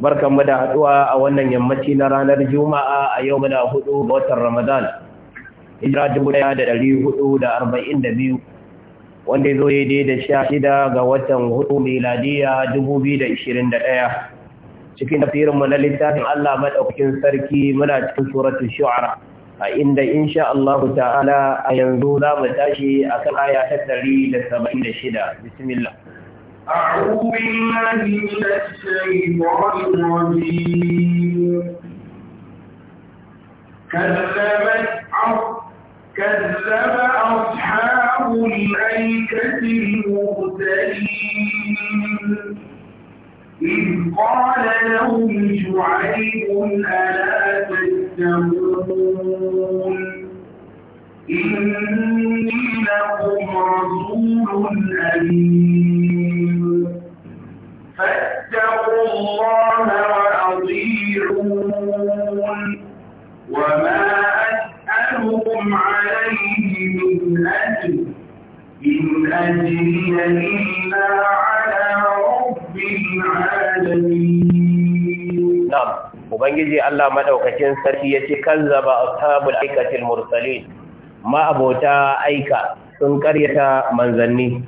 barkan mu da haduwa a wannan yammaci na ranar juma'a a yau muna hudu ga watan ramadan hijira dubu daya da dari hudu da arba'in da biyu wanda zo ya dai da sha shida ga watan hudu miladiya dubu biyu da ishirin da ɗaya cikin tafirinmu na littafin allah maɗaukakin sarki muna cikin suratu shu'ara a inda insha Allah ta'ala a yanzu za mu tashi akan aya ta shida. bismillah أعوذ بالله من الشيطان الرجيم كذب أصحاب الأيكة إذ قال لهم شعيب ألا إني لكم رسول أمين فاتقوا الله وأطيعون وما أسألكم عليه من أجر إن أجري إلا Ubangiji Allah maɗaukacin sarki yace kazzaba ashabul aikatil mursalin ma'abota aika sun karyata manzanni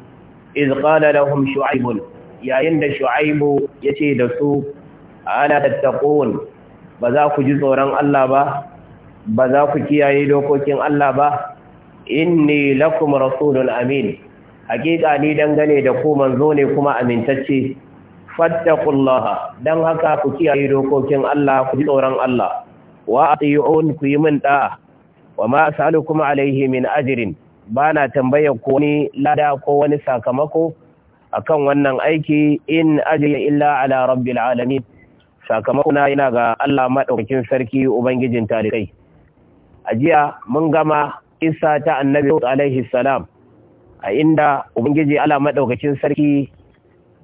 iz da lahum shu'aibun yayin da shu'aibu ya ce da su ana tattaqun ba za ku ji tsoron Allah ba ba za ku kiyaye dokokin Allah ba inni lakum rasulun amin hakika ni dangane da ku manzo ne kuma amintacce fattaqullaha dan haka ku kiyaye dokokin Allah ku ji tsoron Allah wa ati'un ku yi min da'a wa ma as'alukum alayhi min ajrin bana tambayar ko ni lada ko wani sakamako akan wannan aiki in ajiye illa ala rabbil alamin sakamakon yana ga Allah maɗaukakin sarki ubangijin tarikai a jiya mun gama isa ta annabi alaihi salam a inda ubangiji Allah maɗaukakin sarki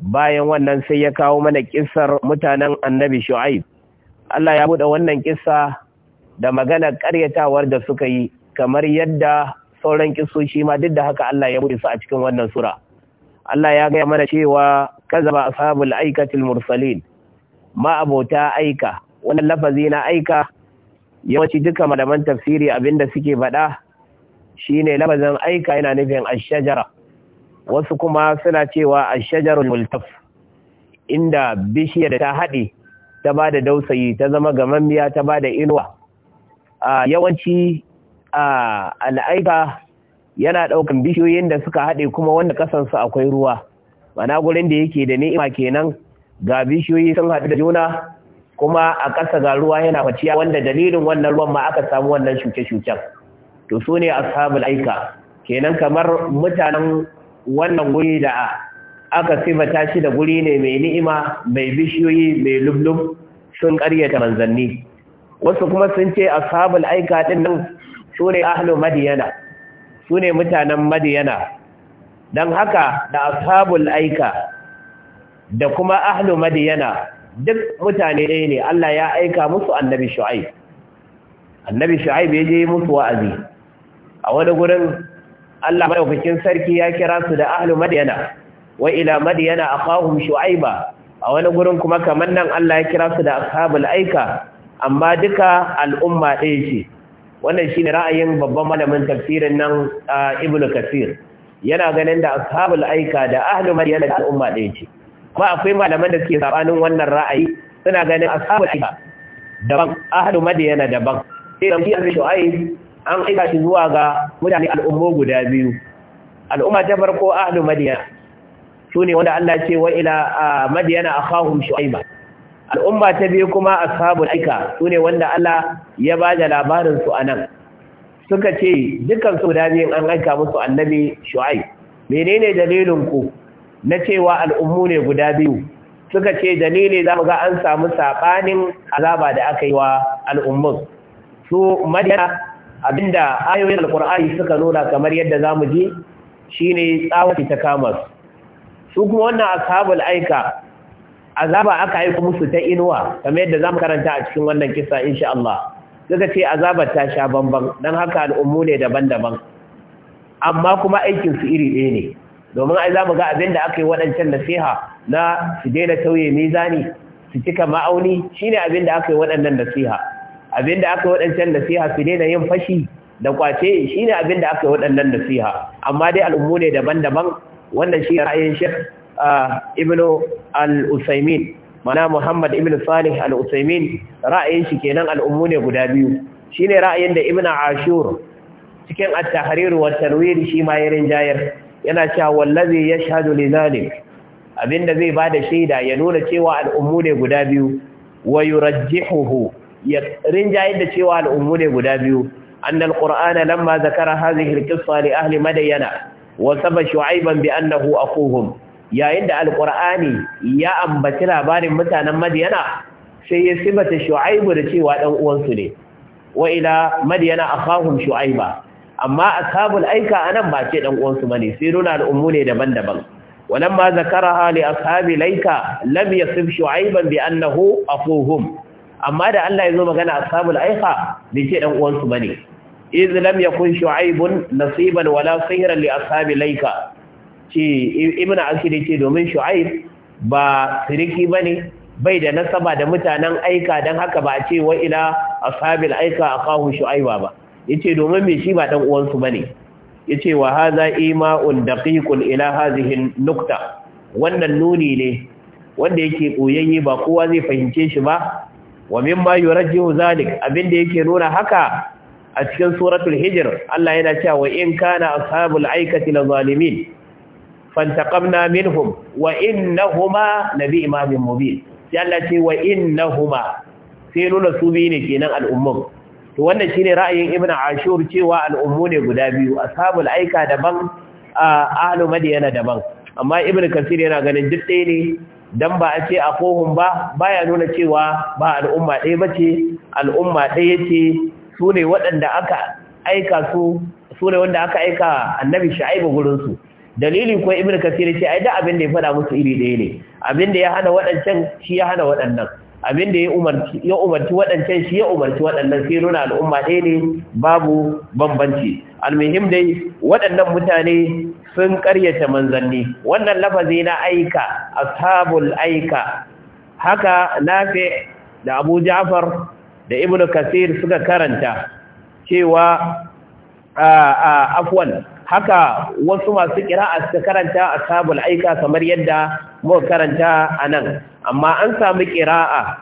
bayan wannan sai ya kawo mana kissar mutanen annabi shu'aib Allah ya buɗe wannan kissa da magana ƙaryatawar da suka yi kamar yadda sauran kisoshi ma duk da haka Allah ya buɗe su a cikin wannan sura Allah ya gaya mana cewa ba ashabul aikatil mursalin ma abota aika wannan lafazi na aika yawanci duka malaman tafsiri abinda suke faɗa shine lafazin aika yana nufin ashjara wasu kuma suna cewa ashjarul multaf inda bishiyar ta haɗe ta ba da dausayi ta zama gamammiya ta ba da inuwa yawanci al'aika yana ɗaukan bishiyoyin da suka haɗe kuma wanda ƙasansu akwai ruwa mana gurin da yake da ni'ima kenan ga bishiyoyi sun haɗu da juna kuma a ƙasa ga ruwa yana kwaciya wanda dalilin wannan ruwan ma aka samu wannan shuke-shuken to su ne ashabul aika kenan kamar mutanen wannan guri da aka sifata shi da guri ne mai ni'ima mai bishiyoyi mai lublub sun ƙaryata manzanni wasu kuma sun ce ashabul aika ɗin nan su ne ahlu madiyana Sune mutanen madiyana don haka da ashabul aika da kuma ahlu madiyana duk mutane ɗaya ne Allah ya aika musu annabi shu'aib annabi shu'aib ya je musu wa'azi a wani gurin Allah madaukakin sarki ya kira su da ahlu madiyana wa ila madiyana akahum shu'aiba a wani gurin kuma kamar nan Allah ya kira su da ashabul aika amma duka al'umma ɗaya ce wannan shine ra'ayin babban malamin tafsirin nan Ibn Kathir yana ganin da ashabul aika da ahlul madina da al'umma ɗaya ce ba akwai malaman da suke sabanin wannan ra'ayi suna ganin ashabul aika daban ahlul madina daban sai da shi shu'aib an aika shi zuwa ga mutane al'ummo guda biyu al'umma ta farko ahlul madina sune wanda Allah ce wa ila madina akhahum shu'aiba al'umma ta biyu kuma ashabul aika sune wanda Allah ya ba da labarin su anan suka ce dukansu su da an aika musu annabi shu'aib menene dalilin ku na cewa al'ummu ne guda biyu suka ce dalili zamu ga an samu saɓanin azaba da aka yi wa al'ummun su madina abinda ayoyin alqur'ani suka nuna kamar yadda zamu ji shine tsawon ta kamar su su kuma wannan ashabul aika azaba aka aika musu ta inuwa kamar yadda za mu karanta a cikin wannan kisa insha Allah suka ce azaba ta sha bambam, don haka al'ummu ne daban-daban amma kuma aikin su iri ɗaya ne domin ai za mu ga abin da aka yi waɗancan nasiha na su daina tauye mizani su cika ma'auni shine abin da aka yi waɗannan nasiha abin da aka yi waɗancan nasiha su daina yin fashi da kwace shine abin da aka yi waɗannan nasiha amma dai al'ummu ne daban-daban wannan shi ra'ayin shek ibn al-usaimin mana muhammad ibn salih al-usaimin ra'ayin shi kenan al'ummu ne guda biyu shine ra'ayin da ibn ashur cikin at-tahrir wa tarwir shi ma yarin jayar yana cewa wallazi yashhadu li zalik abinda zai bada shaida ya nuna cewa al'ummu ne guda biyu wa yurajjihuhu ya rinjayar da cewa al'ummu ne guda biyu annal qur'ana lamma zakara hadhihi al-qissa li ahli madyana wa saba bi annahu aquhum yayin da alƙur'ani ya ambaci labarin mutanen madiyana sai ya sibata shu'aibu da cewa ɗan'uwansu ne wa ila madiyana a kahun shu'aiba amma a sabul aika a nan ba ce ɗan uwansu mani sai nuna al'ummu ne daban-daban wannan ma zakara hali a sabi laika lam ya sib shu'aiban bi annahu a fuhum amma da allah ya zo magana a sabul aika bai ce ɗan uwansu mani iz kun shu'aibun nasiban wala sahiran li a sabi laika ce ibn asir ce domin shu'aib ba siriki bane bai da nasaba da mutanen aika dan haka ba a ce wa ila ashabil aika aqahu shu'aiba ba yace domin me shi ba dan uwan su bane yace wa hadha ima'un daqiqun ila hadhihi nukta wannan nuni ne wanda yake koyayye ba kowa zai fahimce shi ba wa mimma yurajjihu zalik abinda yake nuna haka a cikin suratul hijr Allah yana cewa wa in kana ashabul aikati la zalimin fantaqamna minhum wa innahuma nabi imamin mubin sai Allah ce wa innahuma sai nuna su biyu ne kenan al'ummun to wannan shine ra'ayin ibnu ashur cewa al'ummu ne guda biyu ashabul aika daban ahlu madiyana daban amma ibnu kasir yana ganin duk ɗaya ne dan ba a ce akohun ba baya nuna cewa ba al'umma ɗaya bace al'umma ɗaya ce su ne waɗanda aka aika su su wanda aka aika annabi shu'aibu gurin su dalili ko ibnu kasir ce ai da abin da ya fada musu iri ɗaya ne abin da ya hana waɗancan shi ya hana waɗannan abin da ya umarci ya waɗancan shi ya umarci waɗannan sai nuna al'umma ɗaya ne babu bambanci almuhim dai waɗannan mutane sun ƙaryata manzanni wannan lafazi na aika ashabul aika haka nafi da abu ja'far da ibnu kasir suka karanta cewa a afwan haka wasu masu a suka karanta a sabul aika kamar yadda muka karanta a nan amma an samu kira'a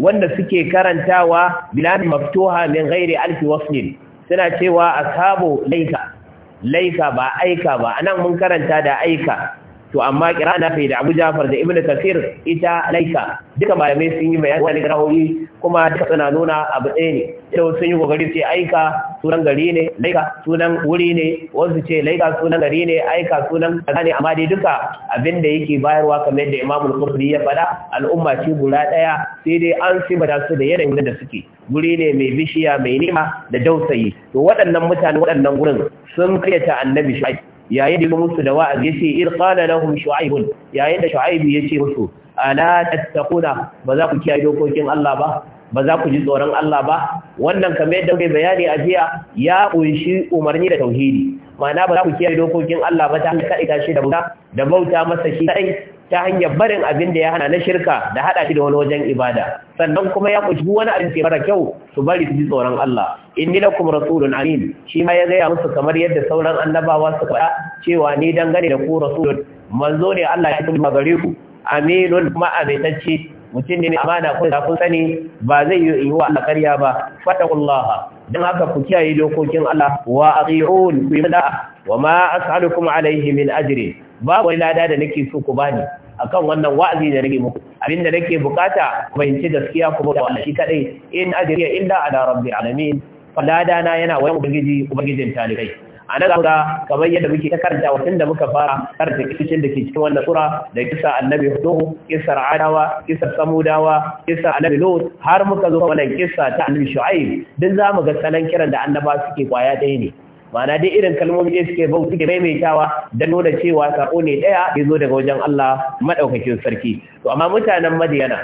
wanda suke karantawa bilal maftuha min ghairi alfi suna cewa sabu laika laika ba aika ba anan mun karanta da aika to amma kira na fi da Abu Ja'far da Ibn Kathir ita laika duka malamai sun yi bayani wani rahoyi kuma duka suna nuna abu ɗaya ne to sun yi su ce aika sunan gari ne laika sunan wuri ne wasu ce laika sunan gari ne aika sunan kaza ne amma dai duka abin da yake bayarwa kamar yadda Imam Al-Qurtubi ya faɗa al'umma ce guda ɗaya sai dai an sibata su da yanayin da suke guri ne mai bishiya mai nima da dausayi to waɗannan mutane waɗannan gurin sun karyata annabi shi yayin da musu da wa'azi yace ir qala lahum shu'aib yayin da shu'aib yace musu ala tattaquna ba za ku kiyaye dokokin Allah ba ba za ku ji tsoron Allah ba wannan kamar yadda kai bayani a jiya ya kunshi umarni da tauhidi ma'ana ba za ku kiyaye dokokin Allah ba ta hanyar kaɗaita shi da bauta da bauta masa shi kaɗai ta hanyar barin abin da ya hana na shirka da haɗa shi da wani wajen ibada sannan kuma ya kuci wani abin ke mara kyau su bari su ji tsoron Allah inni lakum rasulun amin shi ma ya gaya musu kamar yadda sauran annabawa suka faɗa cewa ni dangane da ku rasulun manzo ne Allah ya tuma gare ku aminun kuma abaitacce mutum ne amana kun da kun sani ba zai yi wa Allah karya ba fatakullaha don haka ku kiyaye dokokin Allah wa ati'un ku yi da'a wa ma as'alukum alaihi min ajri babu wani lada da nake so ku bani akan wannan wa'azi da nake muku abinda nake bukata fahimci gaskiya ku bauta Allah shi kadai in ajriya illa ala rabbil alamin lada na yana wajen ubangiji ubangijin talibai a daga ga kamar yadda muke ta karanta wannan da muka fara karanta kishin da ke cikin wannan sura da kisa annabi hudu kisar adawa kisar samudawa kisar annabi lut har muka zo wannan kisa ta annabi shu'aib din za mu ga salon kiran da annaba suke kwaya ɗaya ne Mana dai irin kalmomi ne suke bau suke maimaitawa da nuna cewa sako ne daya ya zo daga wajen Allah maɗaukakin sarki to amma mutanen Madiyana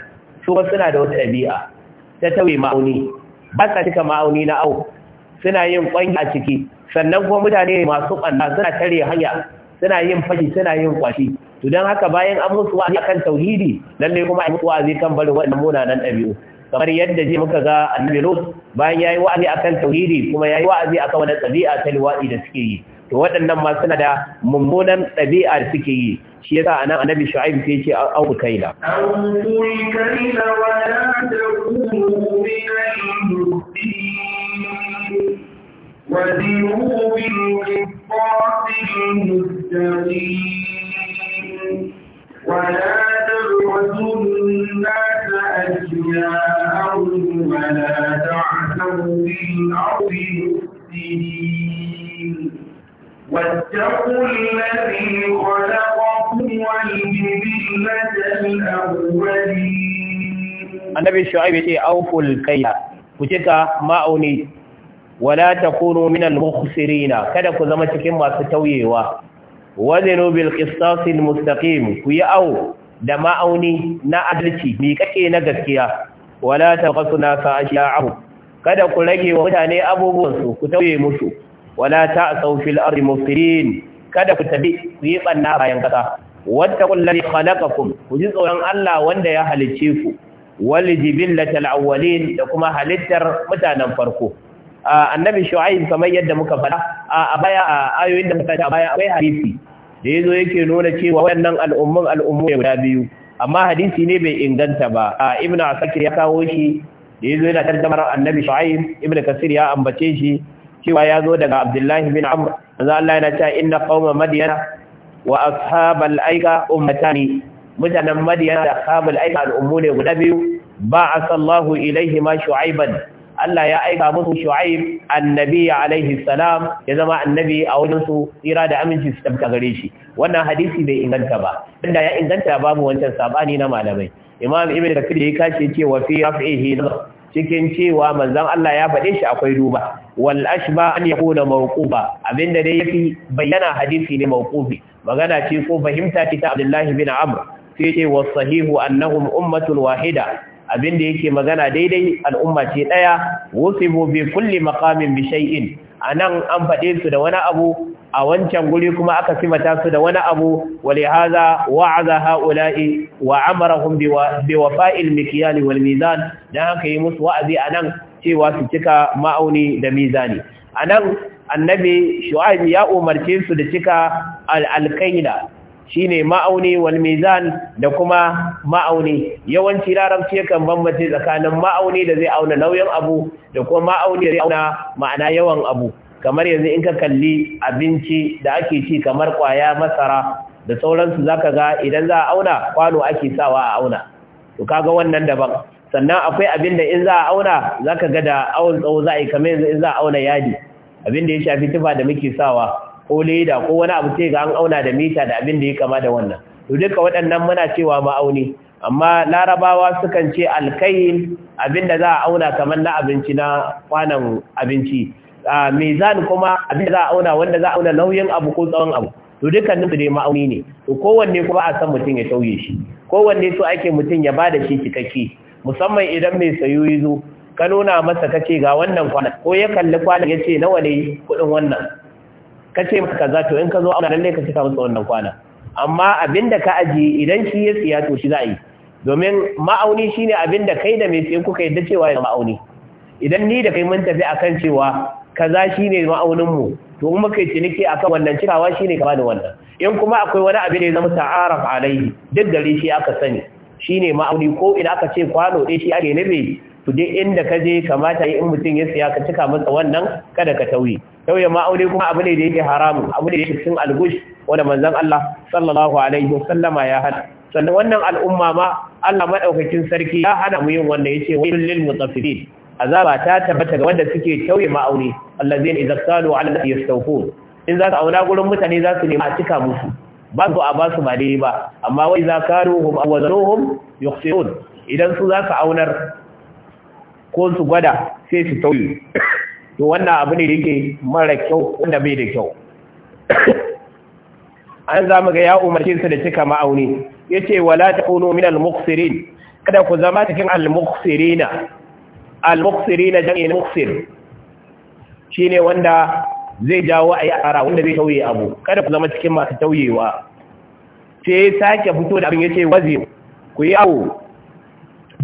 su suna da wata ɗabi'a ta tauye ma'auni ba sa cika ma'auni na au suna yin kwangi a ciki sannan kuma mutane masu ƙwanna suna tare hanya suna yin fashi suna yin kwashi to don haka bayan an musu wa'azi akan tauhidi lallai kuma an musu wa'azi kan barin waɗannan munanan ɗabi'u kamar yadda je muka ga annabi Lut bayan yayi wa'azi akan tauhidi kuma yayi wa'azi akan wani ɗabi'a ta liwaɗi da suke yi to waɗannan ma suna da mummunan ɗabi'a da suke yi shi yasa anan annabi Shu'aib sai ce an ku kaila an ku kaila wa la takunu min al وزنوا بالقصاص المستقيم ولا تبعثوا الناس أشياءهم ولا تعثوا في الأرض مفسدين واتقوا الذي خلقكم والجبلة الأولين النبي الشعيب يقول أوفوا الكيل وتلك ما أونيت wala takunu minal mukhsirina kada ku zama cikin masu tauyewa wazinu bil qistasil mustaqim ku yi au da ma'auni na adalci mi kake na gaskiya wala taqasuna fa asha'u kada ku rage wa mutane abubuwan su ku tauye musu wala ta'sau fil ardi mufsidin kada ku tabi ku yi banna bayan kasa wattaqul ladhi khalaqakum ku ji tsoron Allah wanda ya halicce ku wal jibillatal awwalin da kuma halittar mutanen farko annabi shu'aib kamar yadda muka faɗa a baya a ayoyin da muka baya akwai hadisi da yazo yake nuna cewa wayannan al'ummun al'ummu ne guda biyu amma hadisi ne bai inganta ba ibnu asakir ya kawo shi da yazo yana tarjamar annabi shu'aib ibnu kasir ya ambace shi cewa ya zo daga abdullahi bin amr manzo Allah yana cewa inna qauma madyana wa ashabal aika ummatani mutanen madyana da ashabal aika al'ummu ne guda biyu ba asallahu ma shu'aiban Allah ya aika musu Shu'aib annabi alaihi salam ya zama annabi a wajen su tsira da aminci su tabbata gare shi wannan hadisi bai inganta ba inda ya inganta babu wancan sabani na malamai Imam Ibn Kathir ya kace cewa fi rafihi cikin cewa manzon Allah ya faɗe shi akwai duba wal ashba an yakuna mawquba abinda dai yafi bayyana hadisi ne mawqufi magana ce ko fahimta ce ta Abdullah bin Amr sai ce was sahihu annahum ummatul wahida abin da yake magana daidai al'umma ce daya wusifu bi kulli maqamin bi shay'in anan an faɗe su da wani abu a wancan guri kuma aka simata su da wani abu wali haza wa'aza haula'i wa amarahum bi wafa'il mikyal wal mizan dan haka yi musu wa'azi anan cewa su cika ma'auni da mizani anan annabi shu'aib ya umarce su da cika al-alkaila shine ma'auni wal mizan da kuma ma'auni yawanci larabci kan bambance tsakanin ma'auni da zai auna nauyin abu da kuma ma'auni da zai auna ma'ana yawan abu kamar yanzu in ka kalli abinci da ake ci kamar kwaya masara da sauransu zaka ga idan za a auna kwano ake sawa a auna to kaga wannan daban sannan akwai abin da in za a auna zaka ga da awon tsawo za a yi kamar yanzu in za a auna yadi abin da ya shafi tufa da muke sawa ko leda ko wani abu sai ga an auna da mita da abin da ya kama da wannan to duka waɗannan muna cewa ma'auni amma larabawa sukan ce alkayin da za a auna kamar na abinci na kwanan abinci a mizan kuma abin da za a auna wanda za a auna nauyin abu ko tsawon abu to da su dai ma'auni ne to kowanne kuma a san mutum ya tauye shi kowanne so ake mutum ya bada shi cikakke musamman idan mai sayo ya zo ka nuna masa kace ga wannan kwanan ko ya kalli kwanan ya ce nawa ne kuɗin wannan ka ce maka kaza to in ka zo auna lallai ka cika musu wannan kwana amma abinda ka aji idan shi ya siya to shi za a yi domin ma'auni shine abinda kai da mai siyan kuka yadda cewa ya ma'auni idan ni da kai mun tafi akan cewa kaza shine ma'aunin mu to kuma kai ciniki akan wannan cikawa shine ka bani wannan in kuma akwai wani abin da ya zama ta'araf alaihi duk gare shi aka sani shine ma'auni ko ina aka ce kwano ɗaya shi ake nabe to dai inda ka je kamata in mutum ya siya ka cika masa wannan kada ka tauye tauye ma aure kuma abu ne da yake haramun abu ne da yake cikin algush wanda manzon Allah sallallahu alaihi wasallama ya hada sannan wannan al'umma ma Allah madaukakin sarki ya hana mu yin wanda yace wailul lil mutaffifin azaba ta tabbata ga wanda suke tauye ma aure allazina idza qalu ala yastawfun in za ka auna gurin mutane za su nemi a cika musu ba su a ba su ba dai ba amma wai za ka ruhum aw wazaruhum yukhsirun idan su za ka aunar ko su gwada sai su tauye to wannan abu ne yake mara kyau wanda bai da kyau an za mu ga ya umarce su da cika ma'auni yace wala takunu min al-muqsirin kada ku zama cikin al-muqsirina al-muqsirina jam'i muqsir shine wanda zai jawo ayi ara wanda zai tauye abu kada ku zama cikin masu tauyewa sai sake fito da abin yace wazi ku yi abu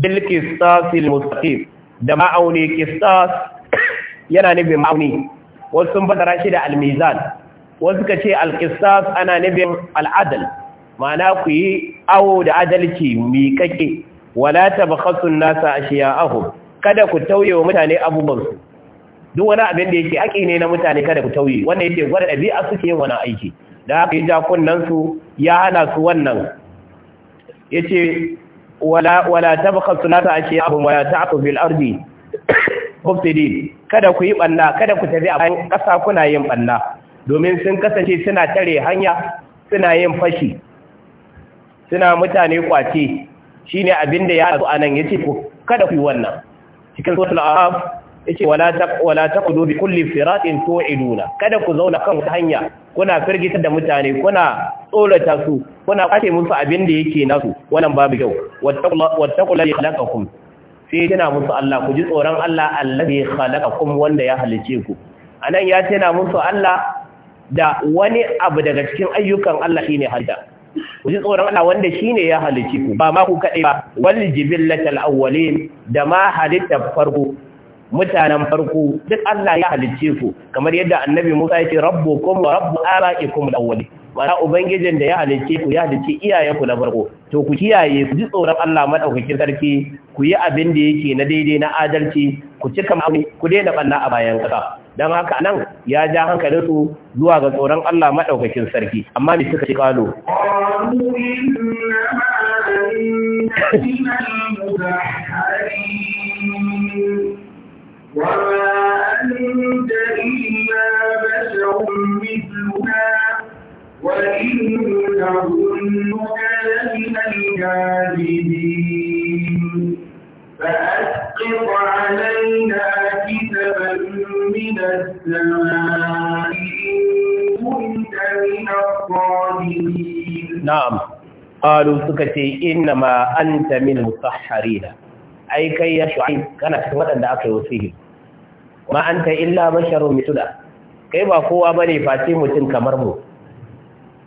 bil qisasil mustaqim da ma'auni kistas yana nufin ma'auni wasu sun fadara shi da almizan wasu ka ce alkistas ana nufin al'adal ma'ana ku yi awo da adalci kake wala ta bakasun nasa a ahu. kada ku tauye wa mutane abubuwansu duk wani abin da yake ake ne na mutane kada ku tauye wanda yake gwada ɗabi'a suke yin wani aiki da haka yi ja ya hana su wannan ya ce wala wala tabkhasu nata ashiyahum wala ta'tu bil ardi kada ku yi banna kada ku tafi a kasa kuna yin banna domin sun kasance suna tare hanya suna yin fashi suna mutane kwace shine abinda ya zo anan yace ku kada ku yi wannan cikin suratul araf yace wala ta wala taqudu bi kulli siratin tu'iduna kada ku zauna kan wata hanya kuna firgitar da mutane kuna tsolata su kuna kace musu abin da yake nasu wannan babu kyau wattaqul ladhi khalaqakum sai tana musu Allah ku ji tsoron Allah alladhi khalaqakum wanda ya halice ku anan ya tana musu Allah da wani abu daga cikin ayyukan Allah shine hadda ku ji tsoron Allah wanda shine ya halice ku ba ma ku kadai ba wal jibillatal awwalin da ma halitta farko mutanen farko duk Allah ya halicce ku kamar yadda annabi Musa yake rabbukum wa rabbu alaikum al wala ubangijin da ya halicce ku ya halicce ku na farko to ku kiyaye ku ji tsoron Allah madaukakin sarki ku yi abin da yake na daidai na adalci ku cika ku daina banna a bayan kasa dan haka nan ya ja hankalin su zuwa ga tsoron Allah madaukakin sarki amma me suka ci kalo وما أنت إلا بشر مثلنا وإن نظنك لمن الكاذبين فأسقط علينا كتبا من السماء إن كنت من الصادقين نعم قالوا سكتي إنما أنت من المصحرين أي كي يشعر كانت waɗanda aka yi wasihim ma ta illa basharun kai ba kowa ba ne face mutum kamar mu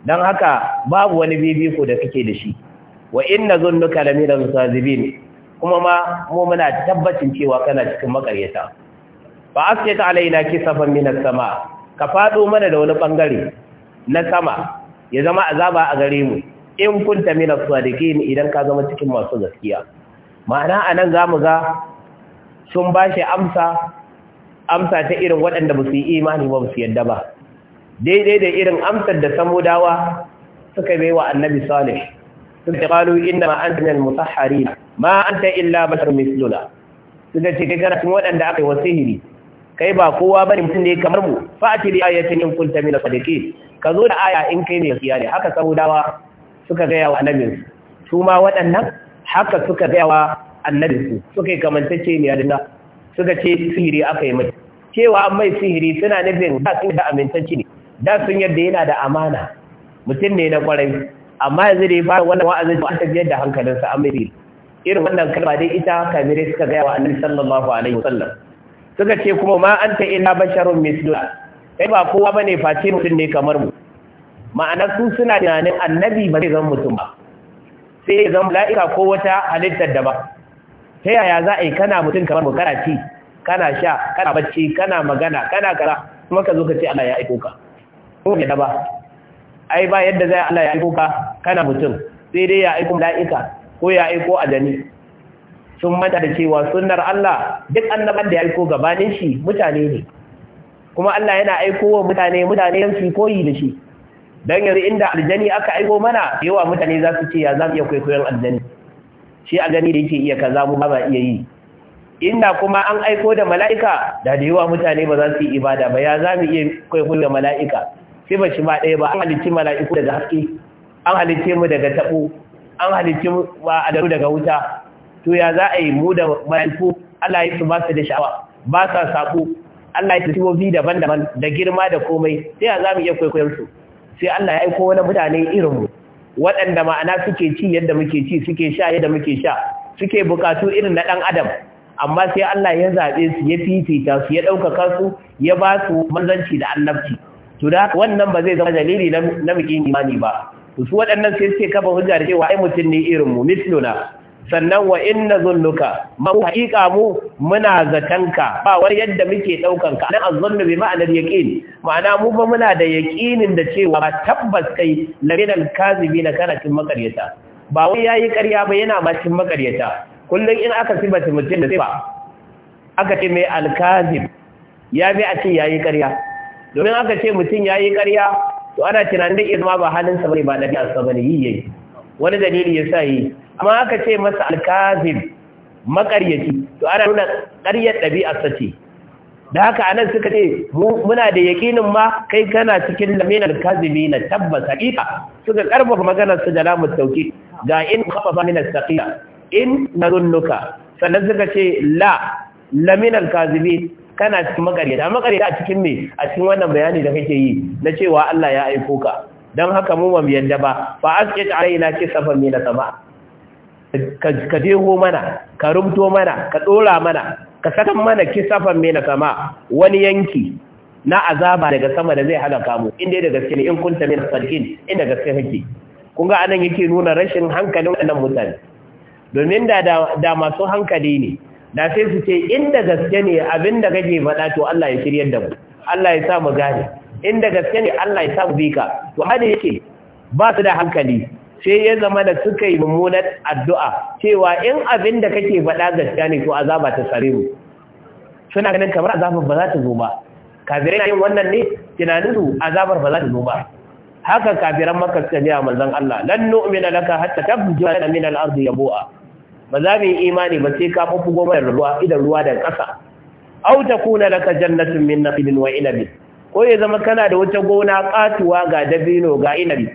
dan haka babu wani bibiko da kake da shi wa inna zunnuka lamina musazibin kuma ma mu muna tabbacin cewa kana cikin makaryata fa ta alaina kisafan minas sama ka fado mana da wani bangare na sama ya zama azaba a gare mu in kunta minas sadiqin idan ka zama cikin masu gaskiya ma'ana anan zamu ga sun bashi amsa amsa ta irin waɗanda ba su yi imani ba su yadda ba daidai da irin amsar da samudawa suka bai wa annabi salih sun ce ƙalu inna ma an tunan musahari ma an ta illa bashar misluna sun ce kai gara sun waɗanda aka yi wa sihiri kai ba kowa ba ne mutum ne kamar mu fa ati bi ta in kunta min sadiqin ka zo da aya in kai ne gaskiya ne haka samudawa suka gaya wa annabinsu su ma waɗannan haka suka gaya wa annabinsu suka yi kamantacce ne a dinna suka ce sihiri aka yi mai cewa an mai sihiri suna nufin da sun da amintacci ne da sun yadda yana da amana mutum ne na kwarai amma yanzu da ya fara wannan wa'azin ba ta biyar da hankalinsa an mai sihiri irin wannan kalma dai ita kamirai suka gaya wa annabi sallallahu alaihi wasallam suka ce kuma ma ta illa basharun misluna kai ba kowa bane face mutum ne kamar mu ma'ana su suna tunanin annabi ba zai zama mutum ba sai ya zama la'ika ko wata halittar da ba ta yaya za a yi kana mutum kamar mu kana ci kana sha kana bacci kana magana kana kara kuma ka zo ka ce Allah ya aiko ka ko ne ba ai ba yadda zai Allah ya aiko ka kana mutum sai dai ya aiko mala'ika ko ya aiko adani sun mata da cewa sunnar Allah duk annaban da ya aiko gabanin shi mutane ne kuma Allah yana aiko wa mutane mutane yan su koyi da shi dan yanzu inda aljani aka aiko mana yawa mutane za su ce ya za mu iya kwaikwayon aljani shi aljani da yake iya kaza mu ba iya yi inda kuma an aiko da mala'ika da da yawa mutane ba za su yi ibada ba ya za mu iya kwaikwayo da mala'ika sai ba shi ma ɗaya ba an halicci mala'iku daga haske an halicce mu daga taɓo an halicci ba a daga wuta to ya za a yi mu da mala'iku Allah ya su ba su da sha'awa ba sa saƙo Allah ya bi daban-daban da girma da komai sai ya za mu iya kwaikwayon su sai Allah ya aiko wani mutane irin mu waɗanda ma'ana suke ci yadda muke ci suke sha yadda muke sha suke bukatu irin na ɗan adam amma sai Allah ya zaɓe su ya fifita su ya ɗaukaka su ya ba su manzanci da annabci to da haka wannan ba zai zama dalili na mukin imani ba to su waɗannan sai suke kafa hujja da cewa ai mutum ne irin mu misluna sannan wa inna zunnuka ma haƙiƙa mu muna zatanka ba wani yadda muke ɗaukan ka nan azzunnu bi ma'anar yaqin ma'ana mu ba muna da yaqinin da cewa tabbas kai laminal kazibi na kana cin makaryata ba wai yayi ƙarya ba yana ma makaryata kullum in aka sibata mutum da sifa aka ce mai alkazim ya bi a ce ya yi karya domin aka ce mutum ya yi karya to ana tunanin da izma ba halin sa ba da biya sa yi yayi wani dalili ya sa yi amma aka ce masa alkazib makaryaci to ana nuna ƙaryar ɗabi'a sa ce da haka anan suka ce muna da yakinin ma kai kana cikin lamina alkazimi na tabbas ƙiƙa suka karfafa maganar su da mu sauƙi ga in khafafa min na in narunnuka sannan suka ce la Laminar kazibi kana cikin makaryata makaryata a cikin me a cikin wannan bayani da kake yi na cewa Allah ya aiko ka dan haka mu ba mu yadda ba fa asqit alaina kisafan min sama ka jeho mana ka rumto mana ka dora mana ka saka mana kisafan min sama wani yanki na azaba daga sama da zai halaka mu inda da gaske ne in kunta min sadiqin inda gaske kake kun ga anan yake nuna rashin hankalin wannan mutane domin da da masu hankali ne da sai su ce inda gaske ne abinda kake faɗa to Allah ya shiryar da mu Allah ya sa mu gane inda gaske ne Allah ya sa mu bika to hada yake ba su da hankali sai ya zama da suka yi mummunar addu'a cewa in abin da kake faɗa gaskiya ne to azaba ta tsare mu suna ganin kamar azabar ba za ta zo ba kafirai yin wannan ne tunanin su azabar ba za ta zo ba haka kafiran makka suka ji a manzon Allah lan nu'mina laka hatta tabjura min al-ard yabu'a ba za mu yi imani ba sai ka fufu goma ruwa idan ruwa da kasa aw takuna laka jannatun min nakhilin wa inabin ko ya zama kana da wata gona katuwa ga dabino ga inabi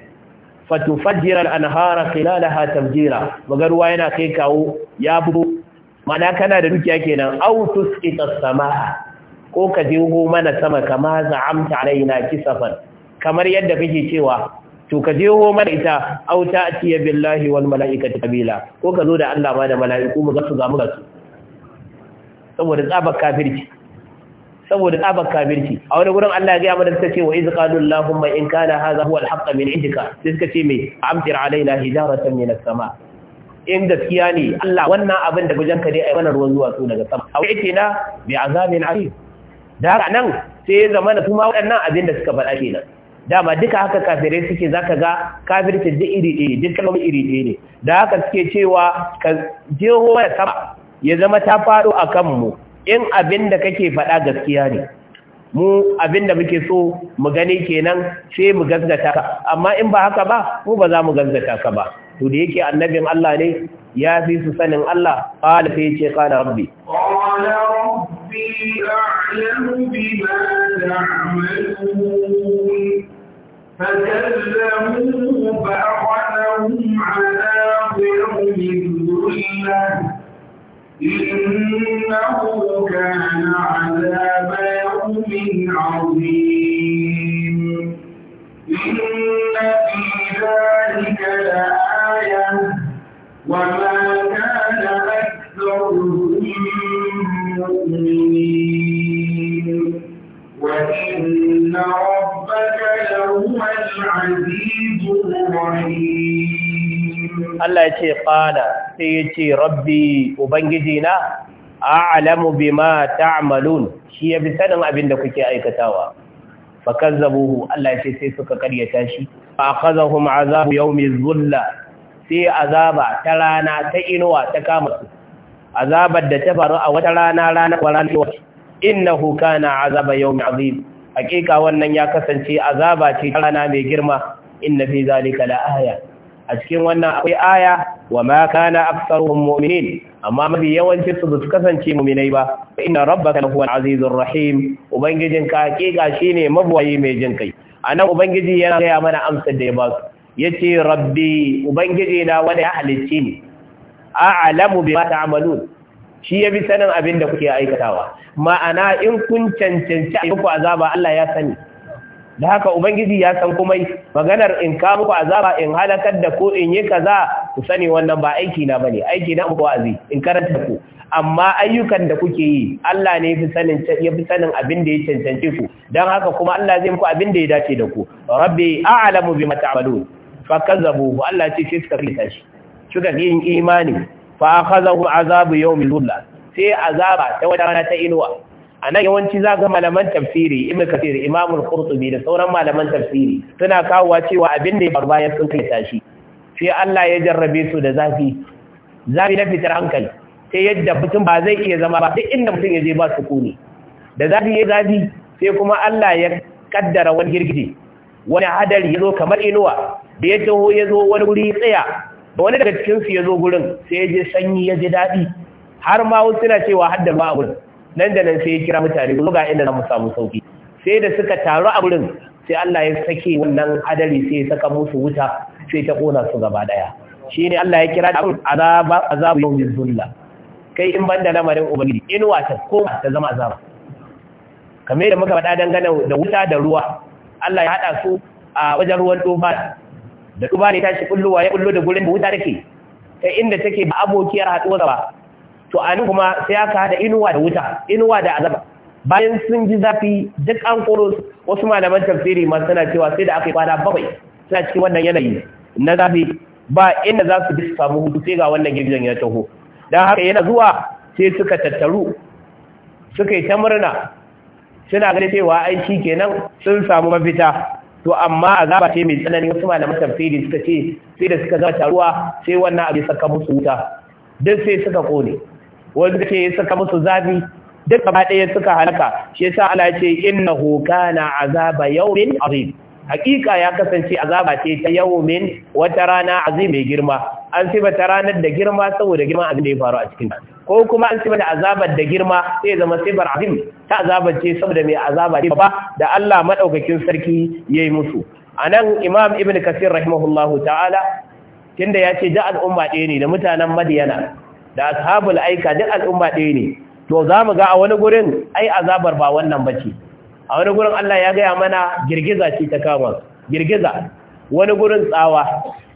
fatufajjira al-anhara khilalaha tafjira magar ruwa yana kai kawo ya fito mana kana da dukiya kenan aw tusqita as-samaa ko ka je mana sama kama za'amta alaina kisafan kamar yadda kake cewa to ka je ho mana ita au ta atiya billahi wal malaikati kabila ko ka zo da Allah ma da mala'iku mu gasu ga mu ga saboda tsabar kafirci saboda tsabar kafirci a wani gurin Allah ya ga mana ta ce wa iz qalu allahumma in kana hadha huwa al-haqq min indika sai suka ce me amtir alaina hijaratan min as-sama in gaskiya ne Allah wannan abin da gujan ka ne ai mana ruwan zuwa su daga sama a wace na bi azamin alim da haka nan sai ya zama na kuma waɗannan abin da suka faɗa kenan dama duka haka kafirai suke zaka ga kafirci da iri ɗaya duk iri ɗaya ne da haka suke cewa ka je sama ya zama ta faɗo a kanmu in abin da kake faɗa gaskiya ne mu abin da muke so mu gani kenan sai mu gaskata ka amma in ba haka ba mu ba za mu gaskata ka ba to da yake annabin Allah ne ya fi su sanin Allah qala fa ce qala rabbi qala a'lamu bima فكلموا فأخذهم عناقر من ذلة إنه كان عذاب يوم عظيم إن في ذلك لآية وما كان أكثرهم مؤمنين Allah ya ce ƙala sai ya ce rabbi Ubangiji na a'alamu bima ta'malun shi ya bi sanin abin da kuke aikatawa fakazzabuhu Allah ya ce sai suka karyata shi akhazahum azabu yawmi zulla sai azaba ta rana ta inuwa ta kama su azabar da ta faru a wata rana rana ko rana innahu kana azaba yawmi azim hakika wannan ya kasance azaba ce rana mai girma inna fi zalika la aya a cikin wannan akwai aya wa ma kana aktsaruhum mu'minin amma mabi yawanci su su kasance mu'minai ba inna rabbaka huwal azizur rahim ubangijin ka hakika shine mabwayi mai jin kai anan ubangiji yana gaya mana amsar da ya ba su yace rabbi ubangiji na wanda ya halicce ni a'lamu bima ta'malun shi ya bi sanin abin da kuke aikatawa ma'ana in kun cancanci a muku azaba Allah ya sani da haka ubangiji ya san kuma maganar in ka muku azaba in halakar da ko in yi kaza ku sani wannan ba aiki na bane aiki na muku wazi in karanta ku amma ayyukan da kuke yi Allah ne ya sanin sanin abin da ya cancanci ku dan haka kuma Allah zai muku abin da ya dace da ku rabbi a'lamu bima ta'malun fakazzabu Allah ce sai suka fita shi suka yin imani fa akhazahu azabu yawmil dhulla sai azaba ta wata rana ta inuwa anan yawanci ga malaman tafsiri ibnu kasir imam al da sauran malaman tafsiri suna kawowa cewa abin da ya farba ya sun kai tashi sai Allah ya jarrabe su da zafi zafi na fitar hankali sai yadda mutum ba zai iya zama ba duk inda mutum ya je ba sukuni da zafi ya zafi sai kuma Allah ya kaddara wani girgije wani hadari ya zo kamar inuwa da ya taho ya zo wani wuri tsaya wani daga cikinsu ya zo gurin sai ya je sanyi ya ji daɗi har ma wasu suna cewa hadda ma a nan da nan sai ya kira mutane ku ga inda za mu samu sauki sai da suka taru a gurin sai Allah ya sake wannan hadari sai ya saka musu wuta sai ta kona su gaba daya shine Allah ya kira abin azaba azabu yawmin zulla kai in banda lamarin ubangiji in wata ko ta zama azaba kamar da muka faɗa dangane da wuta da ruwa Allah ya hada su a wajen ruwan dofa da tuba ne tashi kulluwa, ya kullo da gurin da wuta take ta inda take ba abokiyar haɗuwa ba to a ni kuma sai aka hada inuwa da wuta inuwa da azaba bayan sun ji zafi duk an koro wasu malaman tafsiri ma suna cewa sai da aka yi kwana bakwai suna cikin wannan yanayi na zafi ba inda za su bi samu hutu sai ga wannan girgizan ya taho don haka yana zuwa sai suka tattaru suka yi ta murna suna ganin cewa ai kenan sun samu mafita to amma azaba ce mai tsanani wasu malaman tafsiri suka ce sai da suka gama taruwa sai wannan abin saka musu wuta duk sai suka kone wanda ke saka musu zafi duk gaba ɗaya suka halaka shi yasa Allah ya ce innahu kana azaba yawmin azim hakika ya kasance azaba ce ta yawmin wata rana azim mai girma an siba ta ranar da girma saboda girman abin da ya faru a cikin ko kuma an siba da azabar da girma sai zama sibar azim ta azabar ce saboda mai azaba ce ba da Allah madaukakin sarki yayi musu anan imam ibnu kasir rahimahullahu ta'ala tunda ya ce da al'umma ɗaya ne da mutanen madiyana da ashabul aika duk al'umma ɗaya ne to za mu ga a wani gurin ai azabar ba wannan ba ce. a wani gurin Allah ya gaya mana girgiza ce ta kama girgiza wani gurin tsawa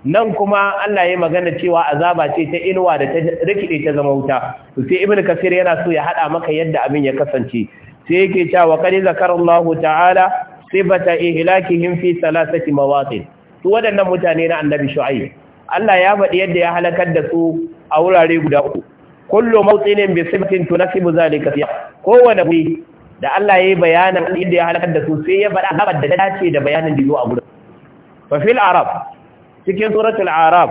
nan kuma Allah ya magana cewa azaba ce ta inuwa da ta rikide ta zama wuta to sai ibnu kasir yana so ya hada maka yadda abin ya kasance sai yake cewa qad zakarallahu ta'ala sibata ihlakihim fi thalathati mawatin to wadannan mutane na annabi shu'aib Allah ya faɗi yadda ya halakar da su a wurare guda uku kullu mawtinin bi sibtin tunasibu zalika kowane wuri da Allah ya yi bayanin inda ya halakar da su sai ya faɗa haɓar da dace da bayanin da zo a gudun fafil arab cikin suratul arab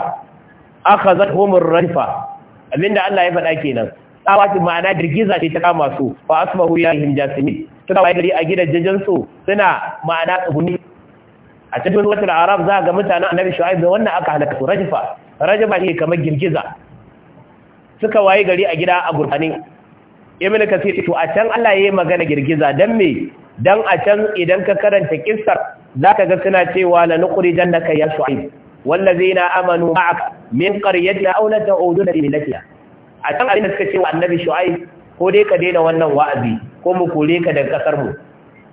aka zan zarhumin rarifa abinda Allah ya faɗa kenan tsawa ce ma'ana girgiza ce ta kama su fa asmahu ya yi jasimi suna waye gari a gidajen su suna ma'ana tsuguni a cikin suratul arab za a ga mutanen annabi shu'aib da wannan aka halaka su rajifa rajifa ne kamar girgiza suka waye gari a gida a gurfanin? ibn kasir to a can Allah yayi magana girgiza dan me dan a can idan ka karanta kissar zaka ga suna cewa la jannaka ya shu'aib ladina amanu ma'aka min qaryatina aw la ta'uduna bi milatiha a can abin da suka ce wa annabi shu'aib ko dai ka daina wannan wa'azi ko mu kore ka daga kasar mu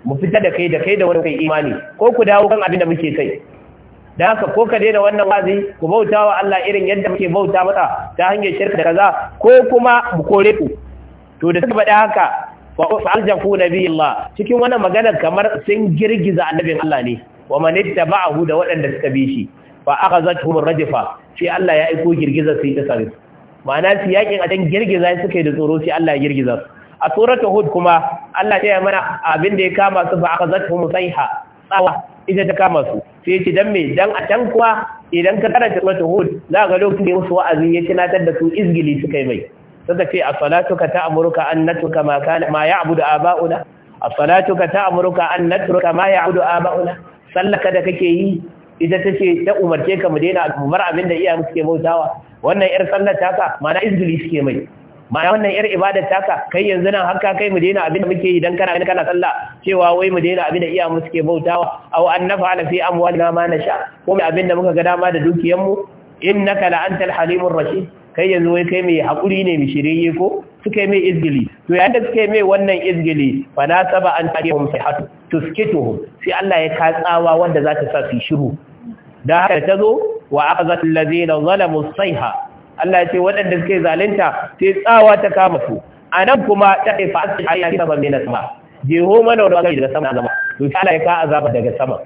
mu fita da kai da kai da wani imani ko ku dawo kan abin da muke kai da haka ko ka daina wannan wazi ku bauta wa Allah irin yadda muke bauta mata ta hanyar shirka da kaza ko kuma mu kore ku to da suka faɗi haka wa aljafu nabiyillah cikin wannan magana kamar sun girgiza annabin Allah ne wa man ittaba'ahu da waɗanda suka bi shi fa akhazatuhum rajfa sai Allah ya aiko girgiza sai ta sare ma'ana su yakin a dan girgiza suka da tsoro sai Allah ya girgiza a suratul hud kuma Allah ya mana abin da ya kama su fa akhazatuhum sayha tsawa ita ta kama su sai ce dan me dan a can kuwa idan ka karanta suratul hud za ga lokacin da wasu wa'azi ya tunatar da su izgili suka yi mai suka ce a salatuka ta'muruka an natuka ma kana ma ya'budu aba'una a salatuka ta'muruka an natruka ma ya'budu aba'una sallaka da kake yi ita tace ta umarce ka mu daina bar abin da iyayen suke bautawa wannan yar sallar taka mana izgili suke mai ma wannan yar ibadar taka kai yanzu nan har kai mu daina abin da muke yi dan kana kana sallah cewa wai mu daina abin da iya mu suke bautawa aw an nafa'ala fi amwalina ma nasha ko abin da muka ga dama da dukiyan mu innaka la antal halimur rashid kai yanzu wai kai mai hakuri ne mai shirye ko su yi mai izgili to yayin da suke yi mai wannan izgili fa na saba an tare hum sai hatu tuskituhum sai Allah ya katsawa wanda za ta sa su shiru da haka ta zo wa akhazat allazina zalamu sayha Allah ya ce waɗanda suke zalunta sai tsawa ta kama su anan kuma ta fa asli ayati na sama jeho mana wanda daga sama zama to sai Allah ya ka azaba daga sama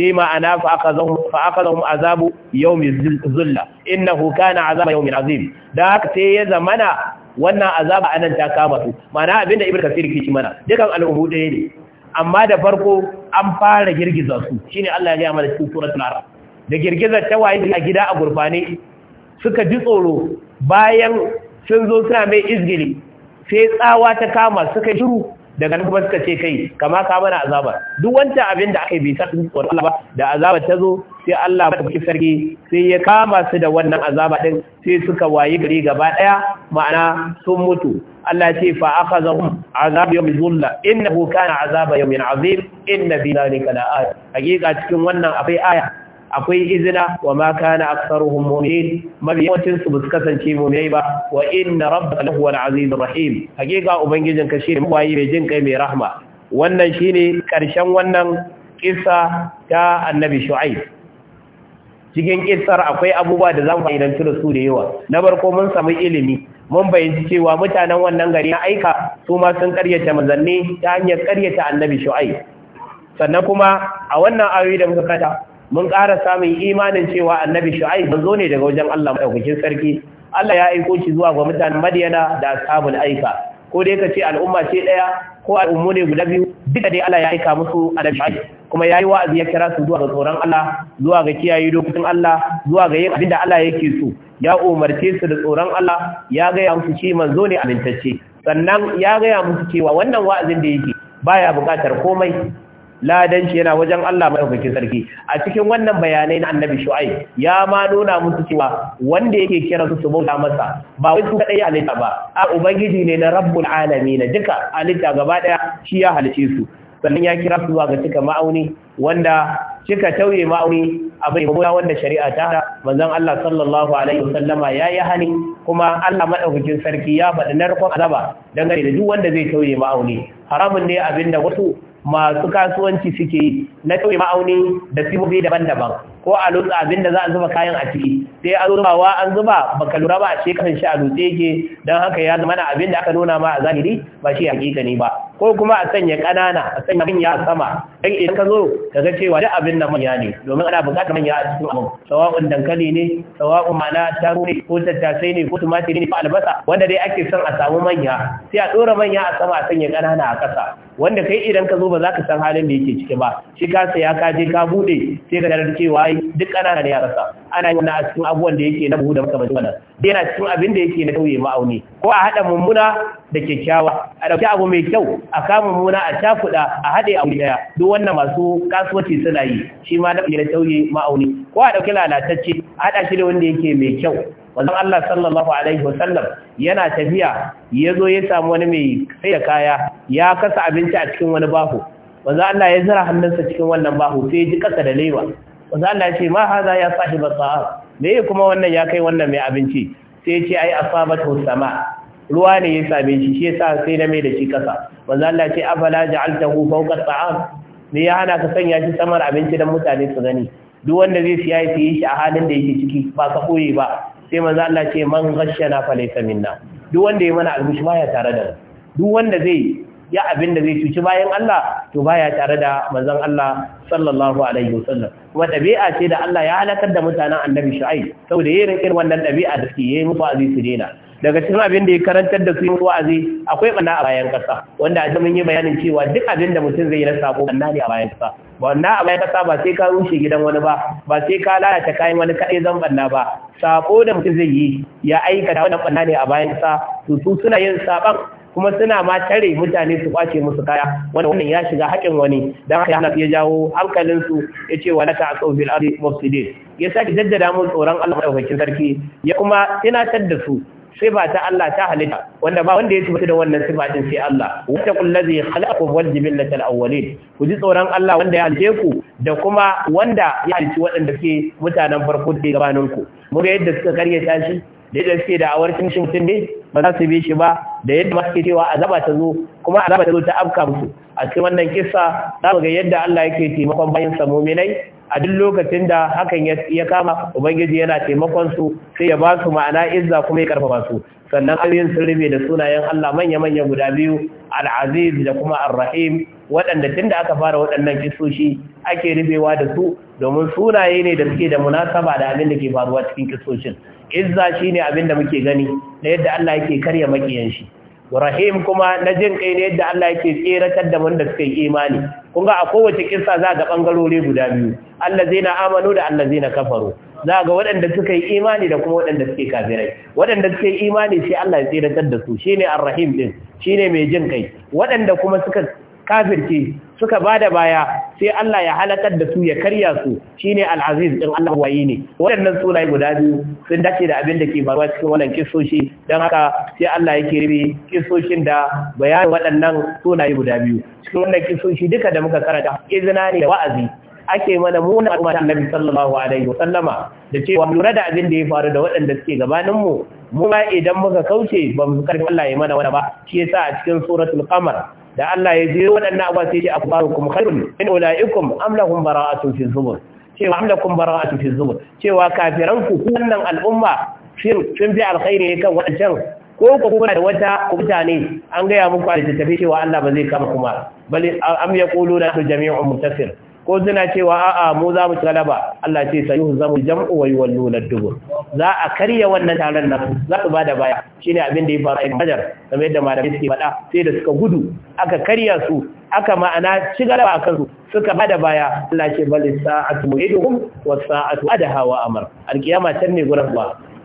sai ma'ana fa akazahum azabu yawmi zulla innahu kana azaba yawmin azim da haka sai ya zamana wannan azaba anan ta kama su ma'ana abinda ibnu kasir ke ci mana dukan al'ummu ɗaya ne amma da farko an fara girgiza su shine Allah ya ga mana cikin suratul arab da girgizar ta waye a gida a gurfane suka ji tsoro bayan sun zo suna mai izgili sai tsawa ta kama suka shiru daga nan kuma suka ce kai kama ka mana azaba duk wancan abin da aka yi bisa sun tsoron Allah ba da azaba ta zo sai Allah ba ta sarki sai ya kama su da wannan azaba din sai suka wayi gari gaba daya ma'ana sun mutu Allah ce fa akhazahum azab yawm zulla innahu kana azaba yawmin azim inna bi dhalika la ayat hakika cikin wannan akwai aya akwai izina wa ma kana aktsaruhum mu'min mabiyawancin su bus kasance mu'minai ba wa inna rabbaka lahu al-azizur rahim hakika ubangijin ka shi mai jin kai mai rahma wannan shine karshen wannan kissa ta annabi shu'aib cikin kissar akwai abubuwa da zamu idan da su da yawa na farko mun samu ilimi mun bayyana cewa mutanen wannan gari na aika su ma sun karyata manzanni ta hanyar karyata annabi shu'aib sannan kuma a wannan ayoyi da muka kata mun ƙara samun imanin cewa annabi ba manzo ne daga wajen Allah madaukakin sarki Allah ya aiko shi zuwa ga mutanen Madiyana da ashabul aika ko dai ka ce al'umma ce daya ko al'ummu ne guda biyu duka dai Allah ya aika musu annabi shu'aib kuma yayi wa'azi ya kira su zuwa ga tsoron Allah zuwa ga kiyaye dokokin Allah zuwa ga yin abin da Allah yake so ya umarce su da tsoron Allah ya ga ya musu cewa manzo ne amintacce sannan ya ga ya musu cewa wannan wa'azin da yake baya buƙatar komai ladanci yana wajen Allah maɗaukakin sarki a cikin wannan bayanai na annabi shu'ai ya ma nuna musu cewa wanda yake kira su su bauta masa ba wai su kadai halitta ba a ubangiji ne na rabbul alamin duka halitta gaba daya shi ya halice su sannan ya kira su ga cika ma'auni wanda cika tauye ma'auni abin kuma wanda shari'a ta hada manzon Allah sallallahu alaihi wasallama ya yi hani kuma Allah madaukakin sarki ya faɗi narkon azaba dangane da duk wanda zai tauye ma'auni haramun ne abinda wasu masu kasuwanci suke na kawai ma'auni da sibobi daban-daban ko a lutsa abin da za a zuba kayan a ciki sai an wa an zuba baka lura ba ce kan shi a dutse yake Don haka ya zama na abin da aka nuna ma a zahiri ba shi hakika ne ba ko kuma a sanya kanana a sanya manya sama dan idan ka zo ka ga cewa duk abin da manya ne domin ana buƙatar manya a cikin abu sawa'un dankali ne sawa'un mana ta ne ko tattasai ne ko tumatiri ne ko albasa wanda dai ake son a samu manya sai a dora manya a sama a sanya kanana a ƙasa wanda kai idan ka zo ba za ka san halin da yake ciki ba shi ka saya ka je ka bude sai ka tarar cewa duk kanana ne a ƙasa ana yin na cikin abubuwan da yake na buhu da makamancin wannan da yana cikin abin da yake na tauye ma'auni ko a haɗa mummuna da kyakkyawa a ɗauki abu mai kyau a kama mummuna a cakuɗa a haɗe a ɗaya duk wannan masu kasuwanci suna yi shi ma na ɓangaren tauye ma'auni ko a ɗauki lalatacce a haɗa shi da wanda yake mai kyau wannan Allah sallallahu alaihi sallam yana tafiya ya zo ya samu wani mai sai da kaya ya kasa abinci a cikin wani baho wanzu Allah ya zira hannunsa cikin wannan baho sai ya ji kasa da laiwa wanzu Allah ya ce ma haza ya sahiba sa'a me ya kuma wannan ya kai wannan mai abinci sai ce ai asabatu sama ruwa ne ya same shi shi yasa sai na mai da shi kasa manzo Allah ce afala ja'altahu fawqa ta'am me ya hana ka sanya shi samar abinci dan mutane su gani duk wanda zai siya ya shi a halin da yake ciki ba ka koyi ba sai manzo Allah ce man ghashana fa laysa minna duk wanda ya mana ba baya tare da duk wanda zai ya abin da zai cuci bayan Allah to baya tare da manzon Allah sallallahu alaihi wasallam kuma ɗabi'a ce da Allah ya halakar da mutanen annabi shu'aib saboda yin irin wannan ɗabi'a da suke yi musu azi su daina daga cikin abin da ya karantar da su yi wa'azi akwai bana a bayan kasa wanda a mun yi bayanin cewa duk abin da mutum zai yi na sabo bana ne a bayan kasa banna a bayan kasa ba sai ka rushe gidan wani ba ba sai ka lalata kayan wani kaɗai zan banna ba Sako da mutum zai yi ya aikata wannan banna ne a bayan kasa to su suna yin saɓan. kuma suna ma tare mutane su kwace musu kaya wanda wannan ya shiga haƙin wani dan haka yana ya jawo hankalinsu ya ce wa laka a bil ardi mufsidin ya sake jaddada mun tsoron Allah madaukakin sarki ya kuma tunatar da su sifa ta Allah ta halitta wanda ba wanda ya tabbata da wannan sifa din sai Allah wata zai khalaqakum wal al awwalin ku ji tsoron Allah wanda ya halice ku da kuma wanda ya halici waɗanda ke mutanen farko da gabanin ku mu ga yadda suka karya tashi da yadda suke da'awar cin shi mutum ne ba za su bi shi ba da yadda ba suke cewa azaba ta zo kuma azaba ta zo ta afka musu a cikin wannan kisa za mu ga yadda Allah yake taimakon bayan sa mu'minai a duk lokacin da hakan ya kama ubangiji yana taimakon su sai ya ba su ma'ana izza kuma ya karfafa su sannan ayoyin sun rube da sunayen Allah manya-manya guda biyu al-aziz da kuma ar-rahim waɗanda tun da aka fara waɗannan kisoshi ake rubewa da su domin sunaye ne da suke da munasaba da abin da ke faruwa cikin kisoshin izza shine abin da muke gani na yadda Allah yake karya makiyan shi rahim kuma na jin kai ne yadda Allah yake tseratar da wanda suka yi imani kun ga a kowace kissa za ga bangarori guda biyu allazina amanu da allazina kafaru za ga waɗanda suka yi imani da kuma waɗanda suke kafirai waɗanda suka yi imani shi Allah ya tseratar da su shine arrahim din shine mai jin kai waɗanda kuma suka kafirce suka ba da baya sai Allah ya halakar da su ya karya su shi ne al'aziz ɗin Allah waye ne waɗannan sunaye guda biyu sun dace da abin da ke faruwa cikin wannan kisoshi Don haka sai Allah yake kere kisoshin da bayanin waɗannan sunaye guda biyu cikin wannan duka da muka karanta izina ne da wa'azi ake mana muna al'umma annabi sallallahu alaihi wasallama da cewa lura da abin da ya faru da waɗanda suke gabanin mu mu ma idan muka kauce ba mu karbi Allah ya mana wani ba shi yasa a cikin suratul qamar da Allah ya je waɗannan abuwa sai ya akbarukum khairun in ulaiikum am lahum bara'atun fi zubur cewa am lakum bara'atun fi zubur cewa kafiran ku wannan al'umma shin sun fi alkhairi ne kan wancan? ko ku kuna da wata mutane an gaya muku a tafi? cewa Allah ba zai kama kuma bal am yaquluna jami'un mutasir ko suna cewa a'a mu za mu galaba Allah ce sai yuhu zamu jam'u wa yuwallu dubu. za a karya wannan taron nan za su bada baya shine abin da ya faru a Hajar kamar yadda malamai yake faɗa sai da suka gudu aka karya su aka ma'ana ci galaba akan su suka bada baya Allah ce bal sa'atu mu'idukum was sa'atu adha wa amr alkiyama tanne ne gurin ba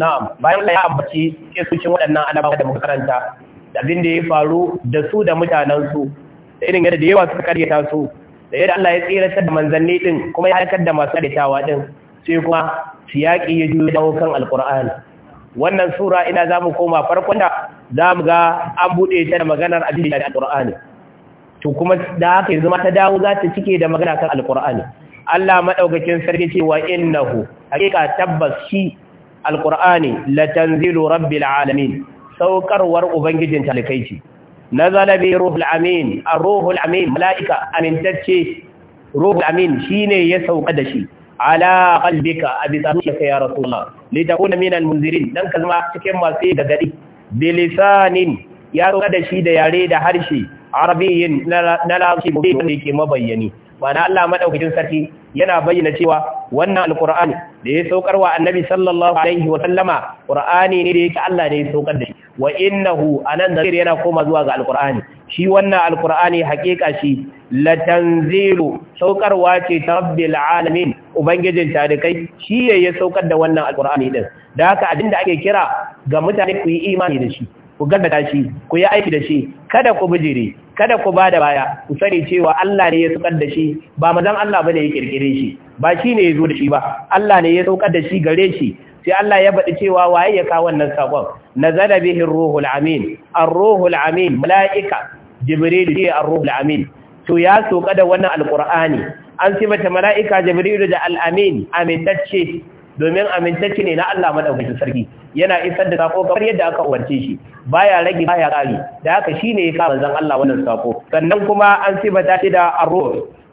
Na'am, bayan da ya ambaci kisoshin waɗannan annabawa da muka karanta, da abin da ya faru da su da mutanensu, da irin yadda da yawa suka karyata su, da yadda Allah ya tsiratar da manzanni ɗin kuma ya halakar da masu karyatawa ɗin, sai kuma siyaƙi ya juyo da kan Alƙur'ani. Wannan sura ina za mu koma farkon da za mu ga an buɗe ta da maganar abin da ya Alƙur'ani. to kuma da haka yanzu zama ta dawo za ta cike da magana kan alkur'ani Allah madaukakin sarki ce wa innahu hakika tabbas shi Alƙur'ani, la tanzilu rabbil alamin saukarwar ubangijin talikai ce nazala bi ruhul amin ar-ruhul amin malaika amintacce ruhul amin shine ya sauka da shi ala qalbika abi tsarika ya rasulullah li takuna min al-munzirin dan kalma cikin masu gagari bilisanin ya sauka da shi da yare da harshe arabiyyin na lafi mubin da yake mabayyani mana Allah maɗaukacin sarki yana bayyana cewa wannan Alƙur'ani da ya saukar wa annabi sallallahu alaihi wa sallama Ƙur'ani ne da yake Allah ne ya saukar da shi wa innahu anan zakir yana koma zuwa ga Alƙur'ani. shi wannan Alƙur'ani hakika shi la tanzilu saukarwa ce ta rabbil alamin ubangijin tarikai shi ya saukar da wannan Alƙur'ani. din da haka abinda ake kira ga mutane ku yi imani da shi ku gaggata shi ku yi aiki da shi kada ku bijiri kada ku ba da baya ku sani cewa Allah ne ya saukar da shi ba mazan Allah ba bane ya kirkire shi ba shi ne ya zo da shi ba Allah ne ya saukar da shi gare shi sai Allah ya faɗi cewa waye ya kawo wannan sakon nazala bihi ruhul amin ar-ruhul amin malaika jibril shi ar-ruhul amin to ya sauka da wannan alqur'ani an sibata malaika jibril da al-amin amintacce domin amintacce ne na Allah madaukakin sarki yana isar da sako kamar yadda aka umarce shi baya rage baya kare da haka shine ya kama zan Allah wannan sako sannan kuma an sifata shi da arro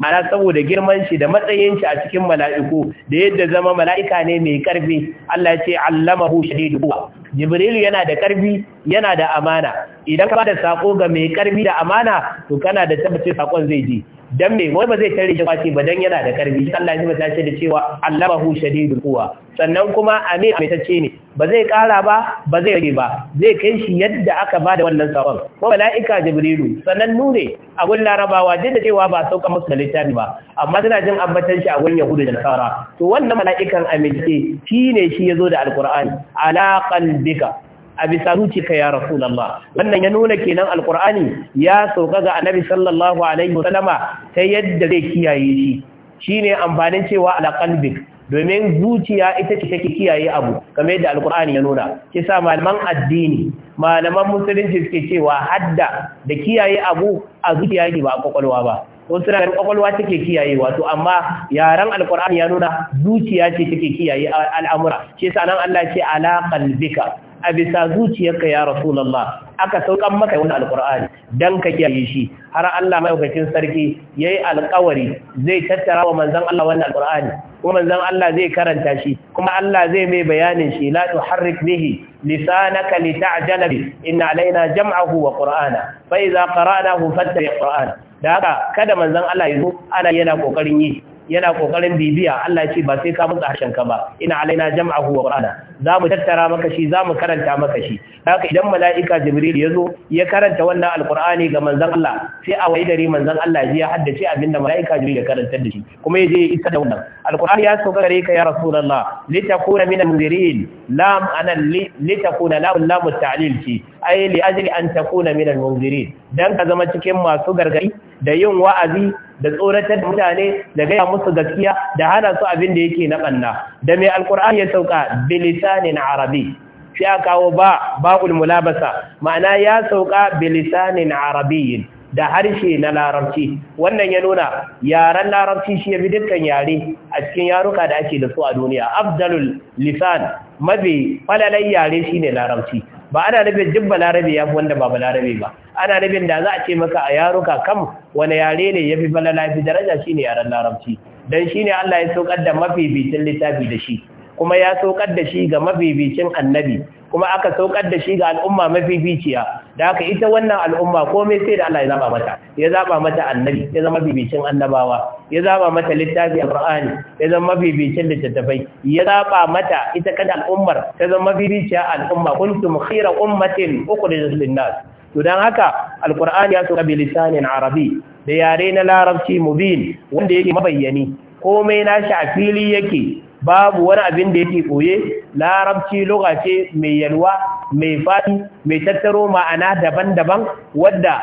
mana saboda girman shi da matsayin shi a cikin mala'iku da yadda zama mala'ika ne mai karfi Allah ya ce allamahu shadidu quwa jibril yana da karfi yana da amana idan ka da sako ga mai karfi da amana to kana da tabbacin sakon zai je. dan me wai ba zai tare shi kwaci ba dan yana da karfi Allah ya ta ce da cewa Allahu shadidul quwa sannan kuma ame mai tace ne ba zai kara ba ba zai rage ba zai kai shi yadda aka ba da wannan sabon ko malaika jibrilu sannan nune a gun larabawa din da cewa ba sauka musu da littafi ba amma suna jin ambatan shi a gun yahudu da nasara to wannan malaikan amince shi ne shi yazo da alqur'ani ala qalbika a bisa ka ya rasulullah wannan ya nuna kenan alqur'ani ya sauka ga annabi sallallahu alaihi wasallama ta yadda zai kiyaye shi shine amfanin cewa ala qalbi domin zuciya ita ce take kiyaye abu kamar yadda alqur'ani ya nuna ke sa malaman addini malaman musulunci suke cewa hadda da kiyaye abu a zuciya ne ba a kwakwalwa ba ko suna da kwakwalwa take kiyaye wato amma yaran alqur'ani ya nuna zuciya ce take kiyaye al'amura ke sa nan Allah ce ala qalbika a bisa zuciyarka ya rasulallah, aka saukan maka wani alkur'ani dan ka kiyaye shi har Allah maɗaukacin sarki yayi alƙawari zai tattara wa manzon Allah wannan alkur'ani kuma manzon Allah zai karanta shi kuma Allah zai mai bayanin shi la tuharrik bihi lisanaka lita'jala bi inna alaina jam'ahu wa qur'ana fa idza qara'nahu fattabi' qur'ana da haka kada manzon Allah yazo ana yana kokarin yi yana kokarin bibiya Allah ya ce ba sai ka mutsa harshen ka ba ina alaina jam'ahu wa qur'ana zamu tattara maka shi zamu karanta maka shi haka idan mala'ika jibril zo ya karanta wannan alqur'ani ga manzon Allah sai a wayi gari manzon Allah ya haddace abinda mala'ika jibril ya karanta da shi kuma ya je ya isa da wannan alqur'ani ya so gare ka ya rasulullah litakuna minal munzirin lam ana litakuna lam lam ta'lil ki ay li ajli an takuna minal munzirin dan ka zama cikin masu gargadi da yin wa'azi da tsoratar da mutane da gaya musu gaskiya da hana su abin da yake na banna da mai alkur'ani ya sauka bilisanin arabi sai a kawo ba ba'ul mulabasa ma'ana ya sauka bilisanin Arabiyin. da harshe na larabci wannan ya nuna yaren larabci shi ya fi dukkan yare a cikin yaruka da ake da su a duniya abdalul lisan mafi falalai yare shine larabci ba ana nufin duk balarabe ya fi wanda ba balarabe ba ana nufin da za a ce maka a yaruka kam wani yare ne ya fi falala fi daraja ne yaren larabci Don shi ne Allah ya saukar da mafificin littafi da shi kuma ya saukar da shi ga mafificin annabi kuma aka saukar da shi ga al'umma mafificiya da haka ita wannan al'umma komai sai da Allah ya zaba mata ya zaba mata annabi ya zama bibicin annabawa ya zaba mata littafi alqur'ani ya zama bibicin littattafai ya zaba mata ita kada al'ummar ta zama bibiciya al'umma kuntum khayra ummatin ukhrijat lin-nas to dan haka alqur'ani ya sauka bi arabi da yare na larabci mubin wanda yake mabayyani komai nashi a fili yake babu wani abin da yake koye larabci lugha ce mai yalwa mai fadi mai tattaro ma'ana daban-daban wadda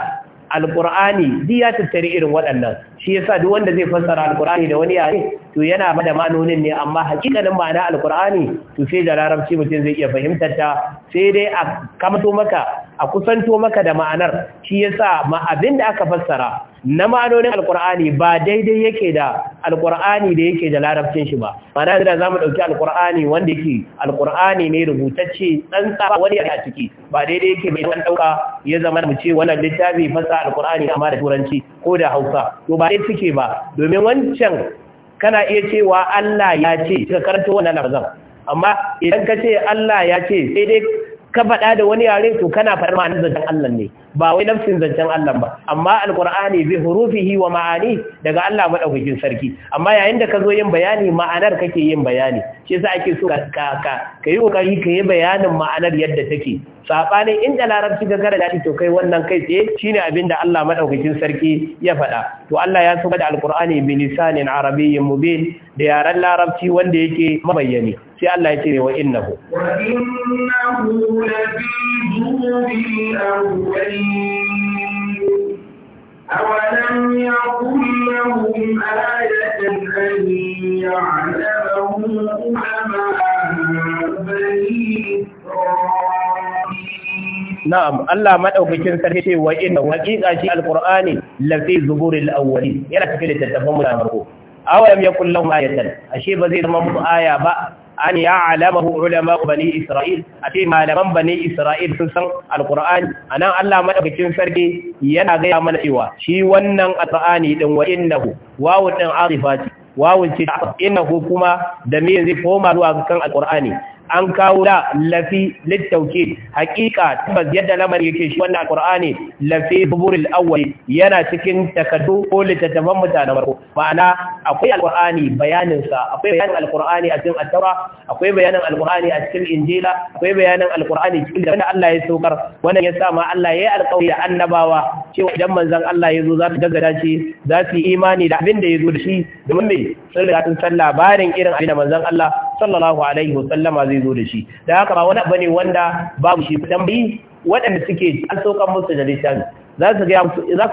Alkur'ani duk ya tattari irin waɗannan shi yasa duk wanda zai fassara alkur'ani da wani yare to yana ba da manonin ne amma hakikanin ma'ana alkur'ani to sai da larabci mutum zai iya fahimtar ta sai dai a kamto maka a kusanto maka da ma'anar shi yasa ma abin da aka fassara na ma'anonin alkur'ani ba daidai yake da alkur'ani da yake da larabcin shi ba ma'ana da zamu ɗauki alkurani wanda yake alkur'ani ne rubutacce tsara wani a ciki ba daidai yake bai dan ɗauka, ya zama mu ce wannan littafi fassara alkur'ani amma da turanci ko da Hausa to ba ɗaya suke ba domin wancan kana iya cewa Allah ya ce ka karanta wannan lafazin amma idan ka ce Allah ya ce sai dai ka faɗa da wani yare to kana faɗa da zancen Allah ne ba wai nafsin zancen Allah ba amma alqur'ani bi hurufihi wa ma'ani daga Allah madaukakin sarki amma yayin da ka zo yin bayani ma'anar kake yin bayani shi yasa ake so ka ka kai kokari ka yi bayanin ma'anar yadda take sabanin inda larabci ga gara to kai wannan kai tsaye shine abinda Allah madaukakin sarki ya faɗa to Allah ya saukar da alqur'ani bi lisanin arabiyyin mubin da yaren larabci wanda yake mabayyani sai Allah ya ce wa innahu wa innahu lafi أولم يكن لهم آية أن يعلمه علماء بني Na'am, Allah maɗaukakin sarki wa inna haƙiƙa shi Alƙur'ani lafi zuburil awwali yana cikin littattafan mu da farko. Awalam ya lahum ayatan ashe ba zai zama musu aya ba an ya alamahu ulama bani isra'il a ce malaman bani isra'il sun san A anan Allah madaukakin sarki yana gaya mana cewa shi wannan alqur'ani din wa innahu wawu din arifati wawun ce innahu kuma da miyan zai koma zuwa kan alkur'ani an kawo la, lafi littauke hakika tabbas yadda lamar yake shi wannan Al-Qur'ani, lafi buburil awwal yana cikin takaddu ko littattafan mutanen farko ma'ana akwai alqur'ani bayanin sa akwai bayanin alqur'ani a cikin at akwai bayanin alqur'ani a cikin injila akwai bayanin alqur'ani cikin da Allah ya saukar wannan yasa ma Allah ya yi alƙawari da annabawa cewa idan manzon Allah ya zo za su gaggada shi za su yi imani da abin da ya zo da shi domin me sun riga sun san labarin irin abin da manzon Allah sallallahu alaihi wasallama zai zo da shi da haka ba wani bane wanda babu shi tambayi waɗanda suke an saukan musu da littafi za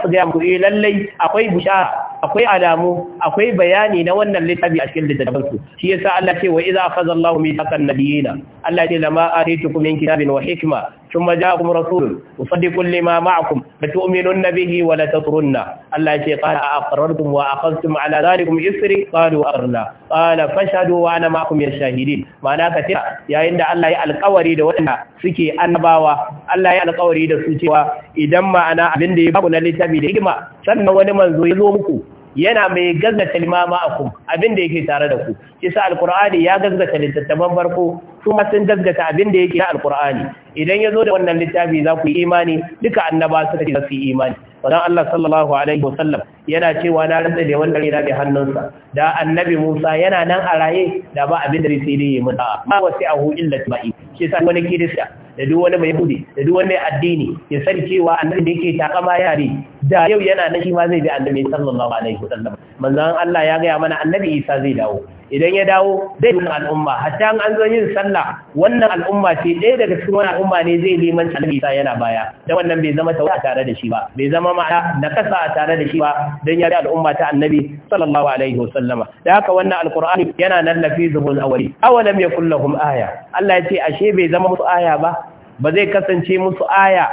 su gaya muku eh lallai akwai bushara akwai alamu akwai bayani na wannan littafi a cikin su shi yasa Allah ce wa idza akhadha Allahu mithaqan nabiyina Allah ya ce lama atitukum min kitabin wa hikma ثم جاءكم رسول مصدق لما معكم لتؤمنن به ولا تطرن الله يقول قال أقررتم وأخذتم على ذلكم إسري قالوا أقرنا قال فاشهدوا وأنا معكم من الشاهدين معناه كثيرا يا عند الله القوري da wanda suke annabawa Allah ya alƙawari da su cewa idan ma'ana abin da ya baku na littafi da hikima sannan wani manzo ya zo muku yana mai gazgata limama kuma abin da yake tare da ku kisa Alƙur'ani ya gazgata littattafan farko kuma sun gazgata abin da yake na Alƙur'ani. idan ya zo da wannan littafi za ku yi imani duka annaba suka ce za su yi imani dan Allah sallallahu alaihi wasallam yana cewa na rantsa da wanda rina da hannunsa da annabi Musa yana nan a raye da ba abin da yi dai mu da ma wasi ahu illa tabi shi sa wani kirista da duk wani mai kudi da duk wani addini ya sani cewa annabi da yake takama yare da yau yana nan shi ma zai bi annabi sallallahu alaihi wasallam Allah ya gaya mana annabi Isa zai dawo idan ya dawo zai yi al'umma hatta an zo yin sallah wannan al'umma ce ɗaya daga cikin wani al'umma ne zai liman annabi sa yana baya da wannan bai zama tawaya tare da shi ba bai zama ma'ana na kasa a tare da shi ba don ya al'umma ta annabi sallallahu alaihi wasallama da haka wannan alqur'ani yana nan lafi zubul awali awalam kulla lahum aya Allah ya ce ashe bai zama musu aya ba ba zai kasance musu aya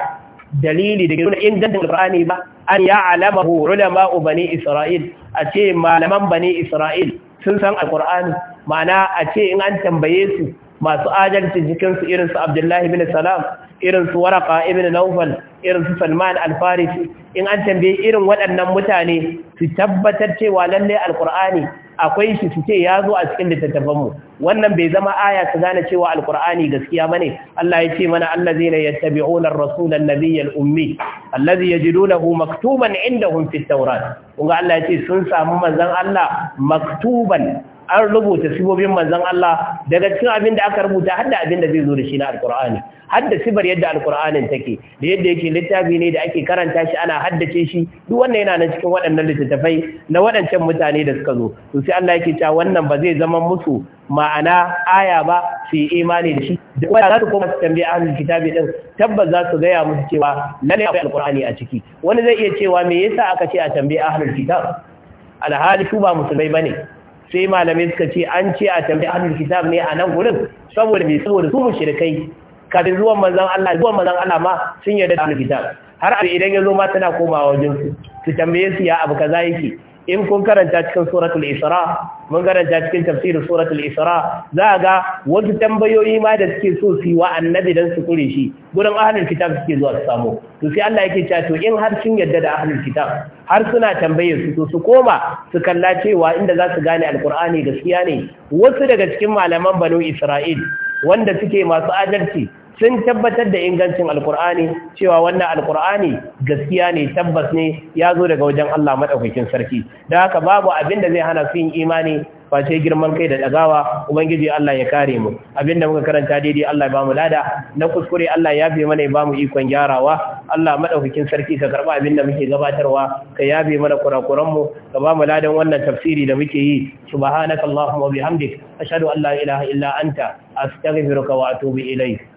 dalili da ke nuna ingantar Qur'ani ba an ya alamahu ulama bani Isra'il a ce malaman bani Isra'il sun san alkur'ani ma'ana a ce in an tambaye su masu ajalci cikinsu irinsu abdullahi bin salam irinsu waraka ibn naufal irinsu salman alfarisi in an tambaye irin waɗannan mutane su tabbatar cewa lallai alkur'ani akwai shi su ce ya zo a cikin littattafanmu wannan bai zama aya su gane cewa alkur'ani gaskiya ba ne allah ya ce mana allazi ne ya tabi onar rasulan nabiyyar ummi allazi ya jido lahu maktuban inda hun fi taurat kunga allah ya ce sun samu manzan allah maktuban an rubuta sibobin manzon Allah daga cikin abin da aka rubuta har da abin da zai zo da shi na alkur'ani har da sifar yadda alkur'anin take da yadda yake littafi ne da ake karanta shi ana haddace shi duk wannan yana nan cikin waɗannan littattafai na waɗancan mutane da suka zo to sai Allah yake cewa wannan ba zai zama musu ma'ana aya ba su yi imani da shi da wanda za su koma su tambaye ahlul kitabi din tabbas za su gaya musu cewa lalle akwai alkur'ani a ciki wani zai iya cewa me yasa aka ce a tambaye ahlul kitab alhali su ba musulmai bane sai malamai suka ce an ce a tambayi ahlul kitab ne a nan gurin saboda me saboda su mushrikai kafin zuwan manzon Allah zuwan manzon Allah ma sun yarda da ahlul kitab har idan ya zo ma tana komawa wajen su su tambaye su ya abu kaza yake in kun karanta cikin suratul isra mun karanta cikin tafsirin suratul isra za ga wasu tambayoyi ma da suke so su yi wa annabi dan su kure shi gurin ahlul kitab suke zuwa su samu to sai Allah yake cewa to in har sun yarda da ahlul kitab har suna tambaye su to su koma su kalla cewa inda za su gane alqur'ani gaskiya ne wasu daga cikin malaman banu isra'il wanda suke masu adalci sun tabbatar da ingancin alkur'ani cewa wannan alkur'ani gaskiya ne tabbas ne ya zo daga wajen Allah maɗaukakin sarki da haka babu abin da zai hana su yin imani face girman kai da dagawa ubangiji Allah ya kare mu Abin da muka karanta daidai Allah ba mu lada na kuskure Allah ya yafe mana ya bamu ikon gyarawa Allah maɗaukakin sarki ka abin da muke gabatarwa ka yafe mana kurakuran mu ka bamu ladan wannan tafsiri da muke yi subhanakallahumma wa bihamdik ashhadu an la ilaha illa anta astaghfiruka wa atubu ilayk